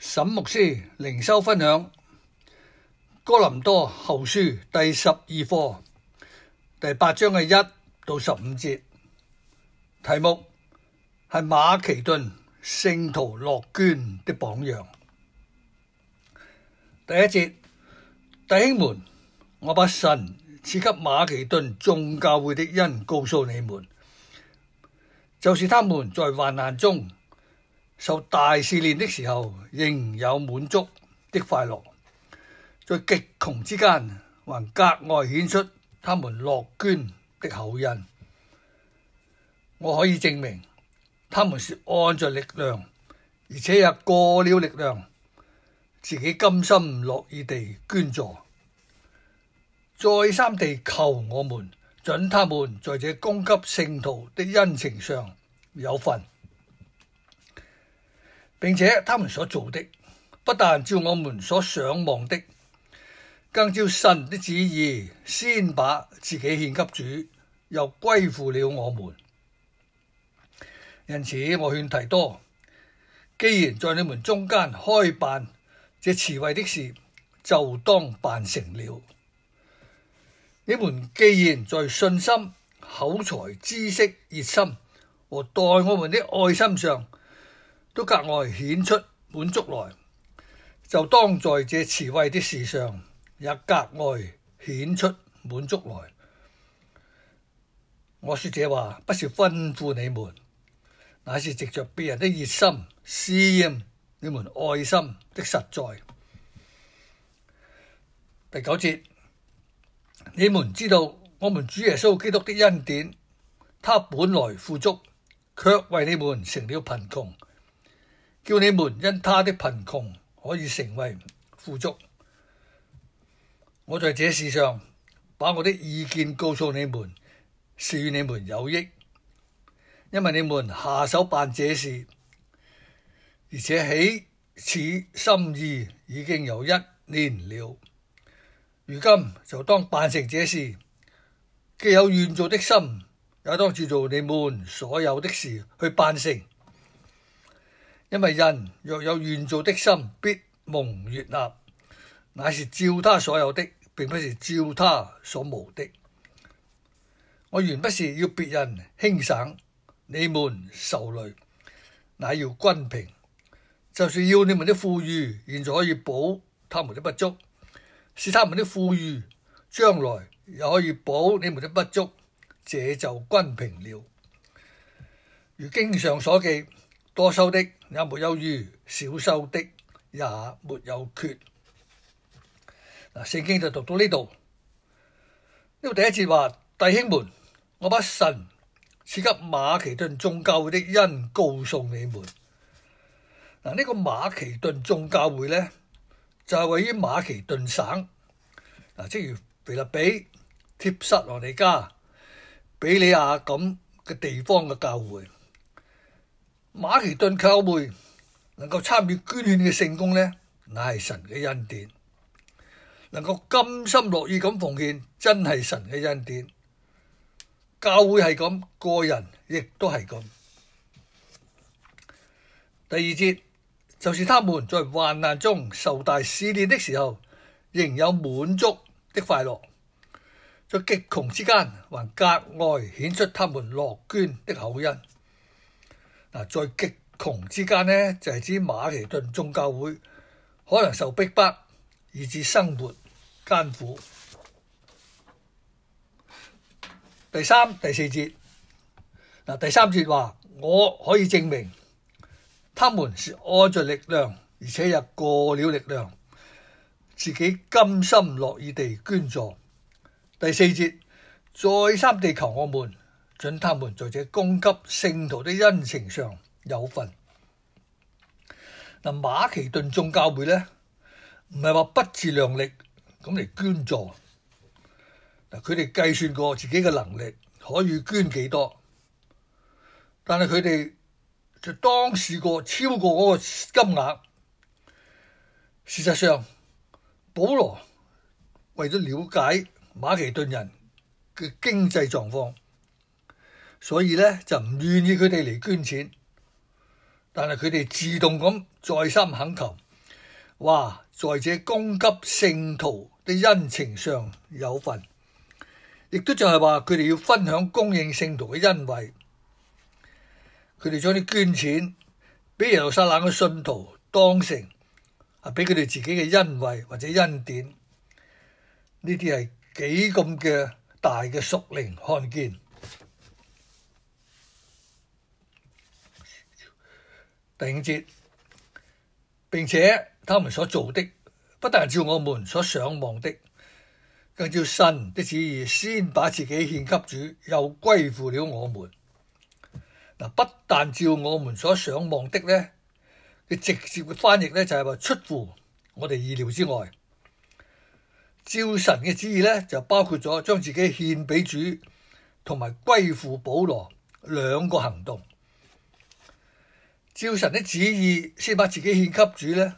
沈牧師靈修分享《哥林多後書》第十二課，第八章嘅一到十五節，題目係馬其頓聖徒樂捐的榜樣。第一節，弟兄們，我把神賜給馬其頓眾教會的恩告訴你們，就是他們在患難中。受大試煉的時候，仍有滿足的快樂，在極窮之間，還格外顯出他們樂捐的厚恩。我可以證明，他們是按着力量，而且也過了力量，自己甘心樂意地捐助。再三地求我們，准他們在這供給聖徒的恩情上有份。並且他們所做的不但照我們所想望的，更照神的旨意，先把自己獻給主，又歸附了我們。因此我勸提多，既然在你們中間開辦這慈惠的事，就當辦成了。你們既然在信心、口才、知識、熱心和待我，我們的愛心上，都格外顯出滿足來，就當在這慈惠的事上也格外顯出滿足來。我說這話不是吩咐你們，乃是藉着別人的熱心試驗你們愛心的實在。第九節，你們知道我們主耶穌基督的恩典，他本來富足，卻為你們成了貧窮。叫你們因他的貧窮可以成為富足。我在這事上把我的意見告訴你們，是與你們有益，因為你們下手辦這事，而且起此心意已經有一年了。如今就當辦成這事，既有願做的心，也當照做你們所有的事去辦成。因為人若有願做的心，必蒙悅納，乃是照他所有的，並不是照他所無的。我原不是要別人輕省，你們受累，乃要均平。就算，是，要你們的富裕，現在可以補他們的不足，是他們的富裕，將來也可以補你們的不足，這就均平了。如經上所記。多收的也沒有餘，少收的也沒有缺。嗱，聖經就讀到呢度。因為第一次話，弟兄們，我把神賜給馬其頓眾教會的恩，告訴你們。嗱，呢個馬其頓眾教會咧，就係位於馬其頓省。嗱，即如腓立比、帖撒羅尼加、比利亞咁嘅地方嘅教會。馬其頓教會能夠參與捐獻嘅成功呢，乃係神嘅恩典；能夠甘心樂意咁奉獻，真係神嘅恩典。教會係咁，個人亦都係咁。第二節就是他們在患難中受大試煉的時候，仍有滿足的快樂，在極窮之間還格外顯出他們樂捐的厚恩。在極窮之間呢就係、是、指馬其頓宗教會可能受逼迫，以致生活艱苦。第三、第四節。嗱，第三節話我可以證明，他們是按着力量，而且又過了力量，自己甘心樂意地捐助。第四節，再三地求我們。准他們在這供給聖徒的恩情上有份嗱。馬其頓眾教會咧，唔係話不自量力咁嚟捐助嗱。佢哋計算過自己嘅能力可以捐幾多，但係佢哋就嘗試過超過嗰個金額。事實上，保羅為咗了，了解馬其頓人嘅經濟狀況。所以咧就唔願意佢哋嚟捐錢，但係佢哋自動咁再三懇求，哇！在這供給聖徒的恩情上有份，亦都就係話佢哋要分享供應聖徒嘅恩惠，佢哋將啲捐錢俾耶路撒冷嘅信徒當成啊，俾佢哋自己嘅恩惠或者恩典，呢啲係幾咁嘅大嘅屬靈看見。第五節，並且他們所做的不但照我們所想望的，更照神的旨意，先把自己獻給主，又歸附了我們。嗱、啊，不但照我們所想望的咧，佢直接嘅翻譯咧就係、是、話出乎我哋意料之外。照神嘅旨意咧就包括咗將自己獻俾主同埋歸附保羅兩個行動。照神的旨意，先把自己獻給主呢，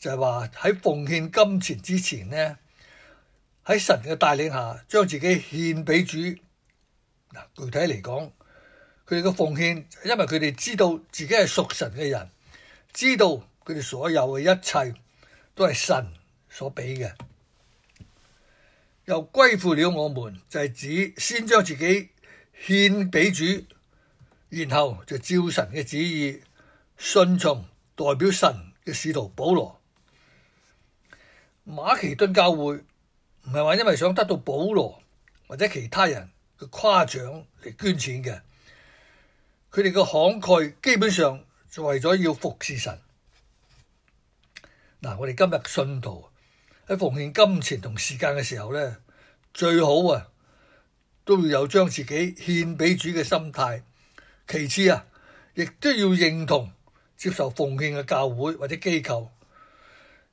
就係話，喺奉獻金錢之前呢，喺神嘅帶領下，將自己獻俾主。具體嚟講，佢哋嘅奉獻，因為佢哋知道自己係屬神嘅人，知道佢哋所有嘅一切都係神所俾嘅，又歸附了我們，就係、是、指先將自己獻俾主。然後就照神嘅旨意，信從代表神嘅使徒保羅。馬其頓教會唔係話因為想得到保羅或者其他人嘅誇獎嚟捐錢嘅，佢哋嘅慷慨，基本上就為咗要服侍神。嗱，我哋今日信徒喺奉獻金錢同時間嘅時候咧，最好啊都要有將自己獻俾主嘅心態。其次啊，亦都要認同接受奉獻嘅教會或者機構，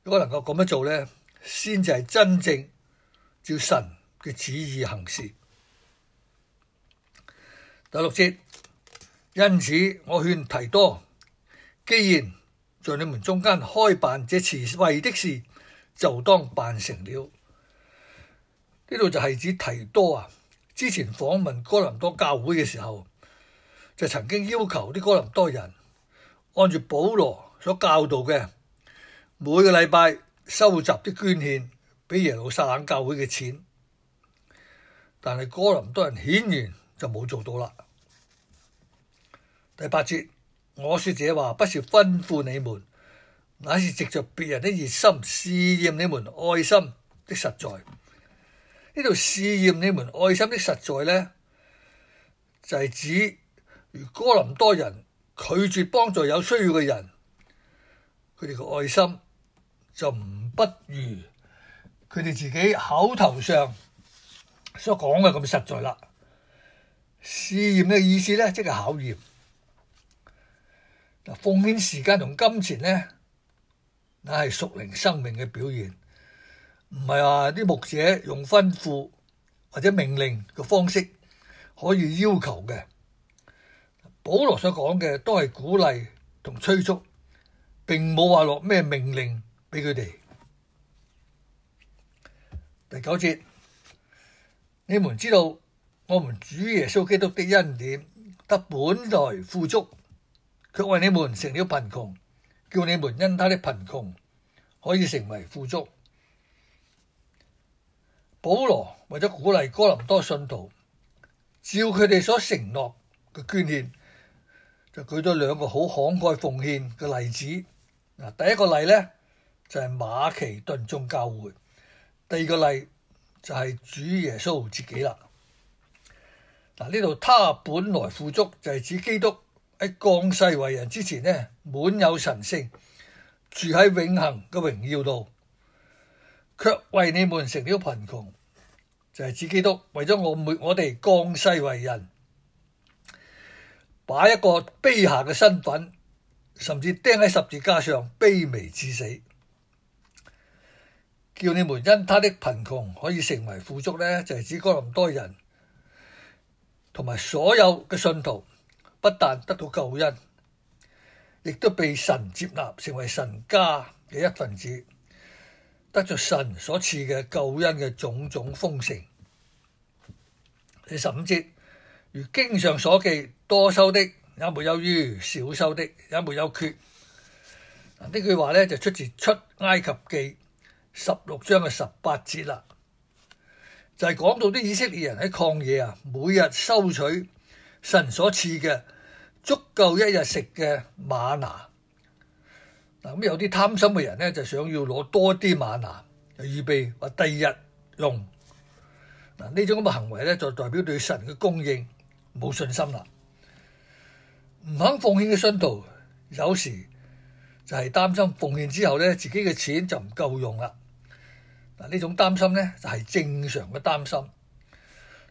如果能夠咁樣做咧，先至係真正照神嘅旨意行事。第六節，因此我勸提多，既然在你們中間開辦這慈惠的事，就當辦成了。呢度就係指提多啊，之前訪問哥林多教會嘅時候。就曾經要求啲哥林多人按住保羅所教導嘅每個禮拜收集啲捐獻俾耶路撒冷教會嘅錢，但係哥林多人顯然就冇做到啦。第八節，我說這話不是吩咐你們，乃是藉着別人的熱心試驗你們愛心的實在。呢度試驗你們愛心的實在呢，就係指。如果哥多人拒絕幫助有需要嘅人，佢哋嘅愛心就唔不如佢哋自己口頭上所講嘅咁實在啦。試驗嘅意思咧，即係考驗。嗱，奉獻時間同金錢咧，乃係屬靈生命嘅表現，唔係話啲牧者用吩咐或者命令嘅方式可以要求嘅。保羅所講嘅都係鼓勵同催促，並冇話落咩命令俾佢哋。第九節，你們知道我們主耶穌基督的恩典得本來富足，卻為你們成了貧窮，叫你們因他的貧窮可以成為富足。保羅為咗鼓勵哥林多信徒，照佢哋所承諾嘅捐獻。就舉咗兩個好慷慨奉獻嘅例子。嗱，第一個例咧就係馬其頓眾教會，第二個例就係主耶穌自己啦。嗱，呢度他本來富足，就係指基督喺降世為人之前呢，滿有神聖，住喺永恆嘅榮耀度，卻為你們成了貧窮，就係指基督為咗我我哋降世為人。把一個卑下嘅身份，甚至釘喺十字架上，卑微至死，叫你們因他的貧窮可以成為富足呢就係、是、指哥林多人同埋所有嘅信徒，不但得到救恩，亦都被神接納成為神家嘅一份子，得着神所賜嘅救恩嘅種種豐盛。你十五節。.如經上所記，多收的也沒有餘，少收的也沒有缺。呢句話呢就出自出埃及記十六章嘅十八節啦，就係講到啲以色列人喺曠野啊，每日收取神所賜嘅足夠一日食嘅瑪拿。咁有啲貪心嘅人呢，就想要攞多啲瑪拿，就預備話第二日用。嗱，呢種咁嘅行為呢，就代表對神嘅供應。冇信心啦，唔肯奉獻嘅信徒，有時就係擔心奉獻之後咧，自己嘅錢就唔夠用啦。嗱，呢種擔心呢，就係正常嘅擔心，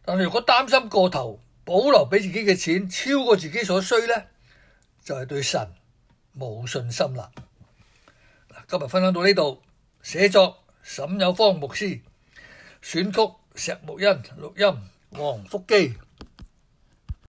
但係如果擔心過頭，保留俾自己嘅錢超過自己所需呢，就係對神冇信心啦。今日分享到呢度，寫作沈有方牧師，選曲石木恩，錄音黃福基。